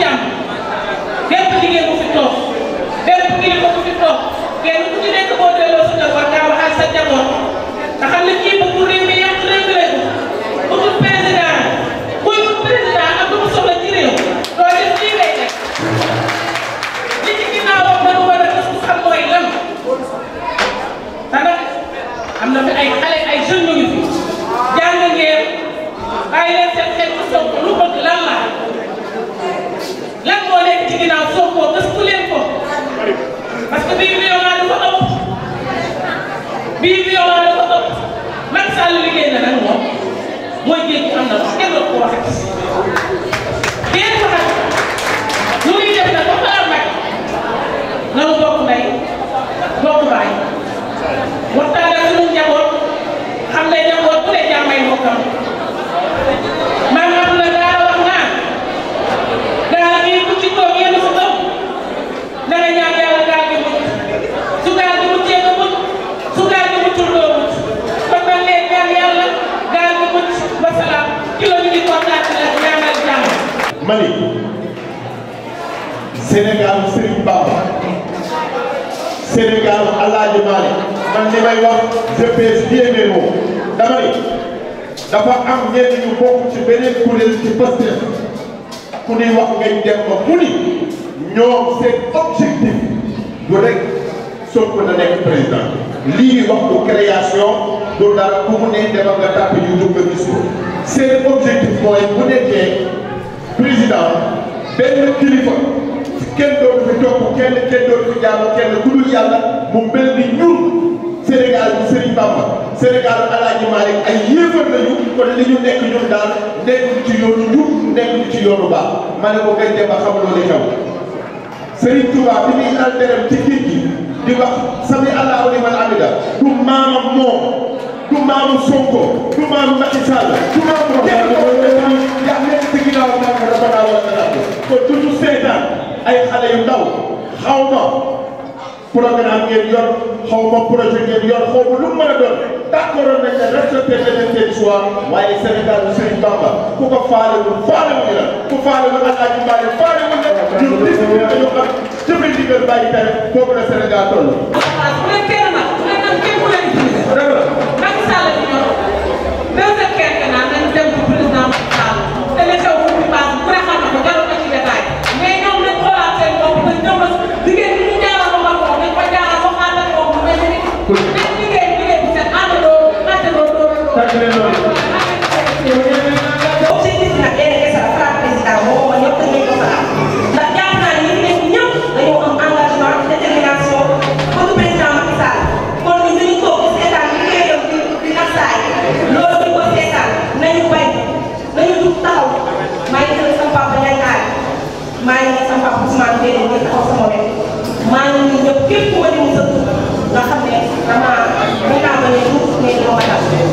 jàng bépp jigéen bu fi toog bépp kilifa bu fi toog kenn ku ci nekk boo delloo sa njaboot nga waxal sa njaboot bii violent dafa ëpp bii violent dafa ëpp Macky Sall liggéey na nag moom mooy géej gi am na kenn doon ko waxee mali Sénégal Serigne Bamba Sénégal Alaaji Maalik man li may wax je pèse bien mes dafa am ñenn ñu ci beneen kuréel ci Pastef ku ni wax ngay dem ba mu ni ñoom seen objectif du rek Sonko na nekk président lii wax bu création du dara ku mu ne demal nga tàpp YouTube nga gis ko seen objectif mooy bu nekkee président benn kilifa ci kenn dootu fi topp kenn kenn dootu fi jaamu kenn ku dul yàlla mu mel ni ñun Sénégal bu Serigne Bamba Sénégal bu Alaaji Malick ay yéefar lañu kon li ñu nekk ñun daal nekk ci yoonu ñu nekk ci yoonu baax ma ne ko ngay dem ba xam loolu xew Serigne Touba bi muy alterem ci géej gi di wax sami allahu liman amida du maamam moom du maamu Sonko du maamu Macky Sall du maamu xaw ma programme ngeen yor xaw ma projet ngeen yor xaw ma lu mu mën a doon d'accord nañ ne respecté nañ seen choix waaye Sénégal Serigne Bamba ku ko faalewul faalewuñu la ku faalewul ak Alaaji Mbaye faalewuñu la ñun li si ñu dañoo xam jëfe ndigal bàyyi tere boobu la Sénégal toll. waaw waaw bu leen kenn nag bu leen nag kenn ku leen utilisé. dëgg la Macky Sall la ñu ñor. maa ngi sama papa Ousmane Mbène di taxaw sama ma dem sa nga xam ne damaa bu ñu laa mënee tuuti mais dama ko